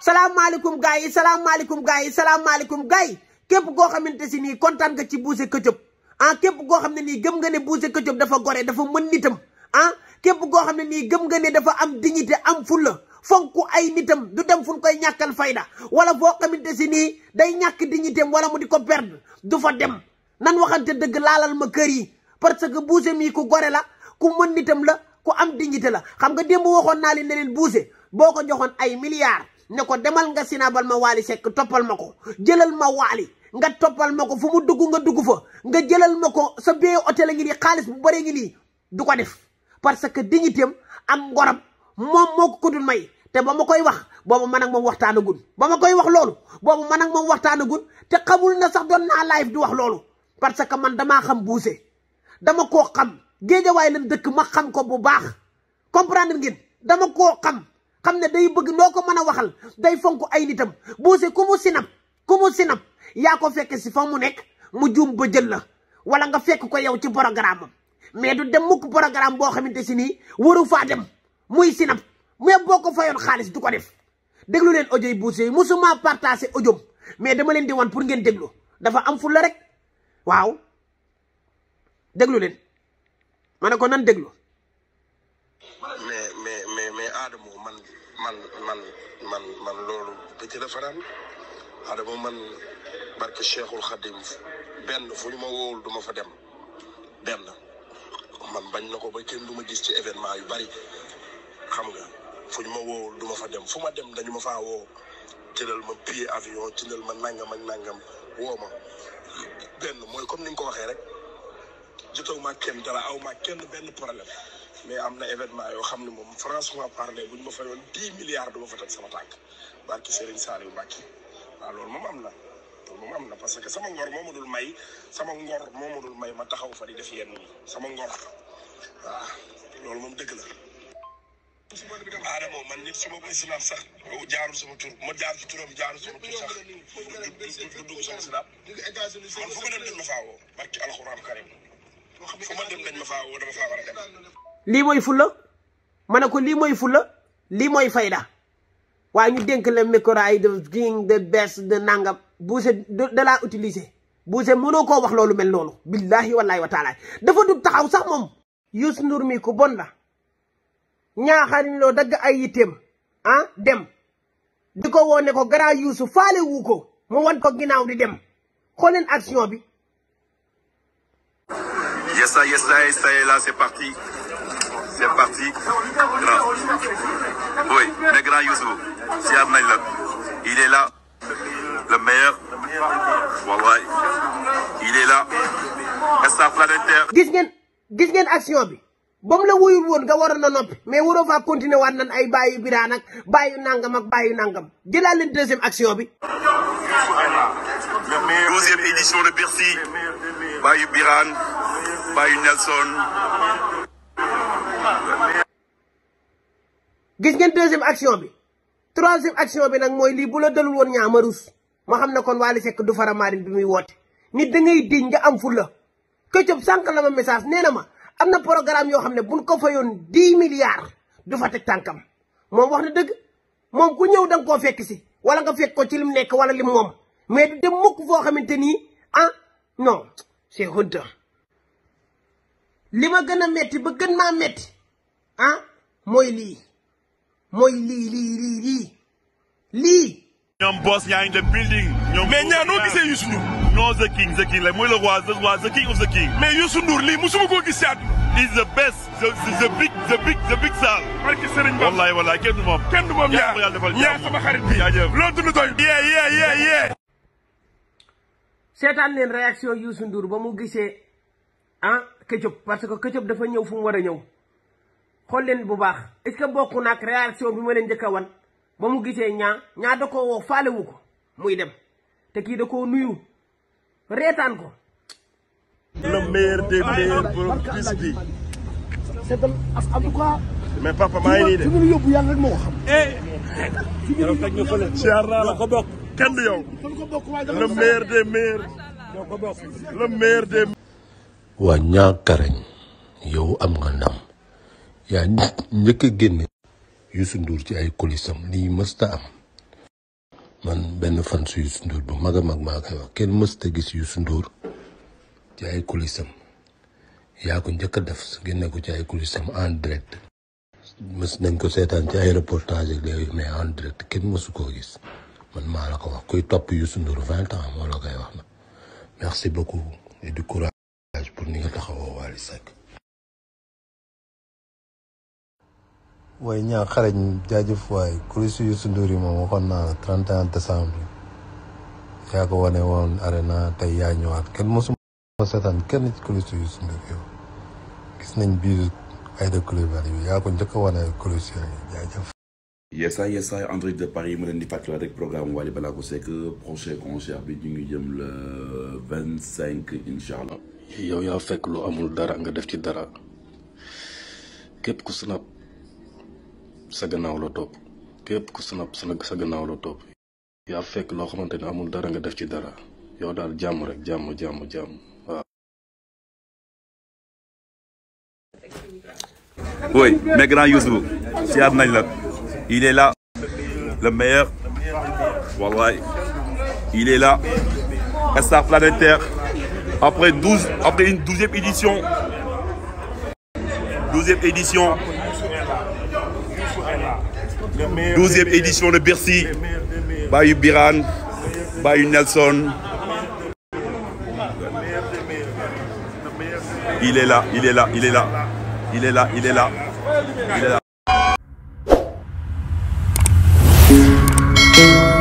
salaamaaleykum gars yi salaamaaleykum gaa yi salaamaaleykum gaa yi képp goo xamante si nii kontaan nga ci Boucher Ketchup ah képp goo xam ne nii gëm nga ne Boucher Ketchup dafa gore dafa mën nitam ah, képp koo xam ne nii gëm nga ne dafa am dignité am fulla fonk ay nitam du dem fu koy ñàkkal fayda wala boo xamante si nii day ñàkk dignitéem wala mu di ko perdre du fa dem nan waxante dëgg laalal ma kër yi parce que Boucher mii ku gore la ku man nitam la ku am dignité la xam nga démb waxoon naa leen ne leen Boucher boo ko joxoon ay milliards ne ko demal nga sinaabal ma Wally sekk toppal ma ko jëlal ma Wally nga toppal ma ko fu mu dugg nga dugg fa nga jëlal ma ko sa bee hôtel a ngi nii xaalis bu bëree ngi lii du ko def parce que dignitéem am ngoram moom moo ko ko dul may te ba ma koy wax boobu man ak moom waxtaanagul ba ma koy wax loolu boobu man ak moom waxtaanagul te xamul na sax doon naa live di wax loolu parce que man damaa xam Boucher dama koo xam géejawaay lañ dëkk ma xam ko bu baax comprendre ngeen dama koo xam xam ne day bëgg noo ko mën a waxal day fonk ay nitam buuse ku mu sinap ku mu sinap yaa ko fekk si fa mu nekk mu juum ba jël la wala nga fekk ko yow ci programme am mais du dem mukk programme boo xam xamante si nii waru faa dem muy sinap mais boo ko fayoon xaalis du ko def déglu leen audio yi buuse yi musuma partagé audio mais dama leen di wan pour ngeen déglu dafa am fulla rek waaw déglu leen ma ko nan déglu. mais mais mais mais Adamo man man man man man loolu da ci defaraan Adamo man barke Cheikhul Khadim benn fu ñu ma woowul duma fa dem benn man bañ na ko ba kenn du ma gis ci événement yu bari xam nga fu ñu ma woowul duma fa dem fu ma dem dañu ma faa woo jëlal ma billet avion jëlal ma nangam ak nangam woo ma benn mooy comme ni nga ko waxee rek. jotoo ma kenn dara aw ma kenn benn problème mais am na événement yoo xam ne moom franchement parler bu ñu ma fayoon dix milliards du ma fa teg sama tànk barki Serigne Saliou Mbacke waaw loolu moom am na loolu moom am na parce que sama ngor moo ma dul may sama ngor moo ma may ma taxaw fa di def yenn yi sama ngor waaw loolu moom dëgg la. Adama man nit su ma koy sinap sax jaarul sama tur ma jaar ci turam jaarul sama tur sax du dugg sama sinap man fu ma dem duñ ma faawoo barki alxuraan karim lii mooy fulla ma ne ko lii mooy fulla lii mooy fayda waaye ñu dénk la micro ay de king de bes de nangam buuse da laa buuse mënoo ko wax loolu mel noonu billahi wallahi wa taala dafa dul taxaw sax moom Youssou Ndour mi ku bon la ñaaxarin loo dagg ay yitteem ah, dem di ko wone ko grand Youssou faale ko mu wan ko ginnaaw di dem xooleen action bi ça y est, ça y est, ça y est, là, c'est parti. C'est parti. Grand. Oui, mais grand Youssou, si il est là, le meilleur. il est là. Staff planétaire. gis ngeen gis ngeen action bi ba mu la wuyul woon nga waroon na noppi mais waroo faa continuer waat nan ay bàyyi biraa nag bàyyi nangam ak bàyyi nangam jëlaat leen deuxième action bi. deuxième édition de Bercy bàyyi biraan Baye Nelson. gis ngeen deuxième action bi troisième action bi nag mooy lii bu la dalul woon ñaama rus ma xam ne kon Wally sekk du faramaarin bi muy woote nit da ngay diñ nga am fulla Ketchup sànq la message nee ma am na programme yoo xam ne buñ ko yoon dix milliards du fa teg tànkam moom wax na dëgg moom ku ñëw da koo fekk si wala nga fekk ko ci lim nekk wala lim moom mais du dem mukk foo xamante nii ah non c'est honteux li ma gën a metti ba gën maa metti ah mooy lii mooy lii lii lii lii lii. ñoom boss yaa ngi dem building. ñoom mais ñaa noo gisee Youssou Ndour. non the king the king la mooy le roi the roi the king of the king. mais Youssou Ndour lii musuma koo gis si àdduna. is the best the the big wallaay wallaay kenn du moom. kenn du moom ñaar ñaar sama xarit yee yee yee yee. seetaan leen réaction Youssou Ndour ba mu gisee ah. Ketchup parce que Ketchup dafa ñëw fu war a ñëw xool leen bu baax est-ce bokk na ak réaction bi ma leen njëkk a wan ba mu gisee ñaa ñaa da koo woo faalewu ko muy dem te kii da koo nuyu reetaan ko. le meilleur des meilleurs borom de fi mu eh. ko bokk. kenn du yow. waa ñaakarañ yow am nga ndam yaa njëkk a génne Youssou Ndour ci ay colisam lii mësta am man benn fan su Youssou Ndour bu mag a mag maa koy wax kenn mësta gis Youssou nduur ci ay colisam yaa ku njëkk a def génne ko ci ay colisam en direct mës nañ ko seetaan ci ay reportage ak léegi en kenn mësu koo gis man maa la ko wax kuy topp Youssou Ndour vingt ans moo la koy wax na merci beaucoup et du courage pour ni waaye ñaa xarañ jaajëf waay kuréel yu sunduur yi moom waxoon naa la 31 décembre yaa ko wane woon arena tey yaa ñëwaat kenn mosuma seetaan kenn ci sunduur yow gis nañ biir ay de kuréel yaa ko njëkk a wane kuréel yi jaajëf yesaay yesaay André de Paris mu leen di fàttali rek programme Wally Ballago Seck prochain concert bi ñu ngi jëm le vingt cinq incha allah yow yaa fekk lu amul dara nga def ci dara képp ku snap sa gannaaw la topp képp ku snap sa gannaaw la topp yaa fekk loo xamante ne amul dara nga def ci dara yow daal jàmm rek jàmm jàmm jàmm waaw. oui mais grand Youssou si am nañ la meilleur wallaay il est là star planétaire. après 12 après une douzième édition douzième édition douzième édition de Bercy bàyyi Birane bàyyi Nelson il est là il est là il est là il est là il est là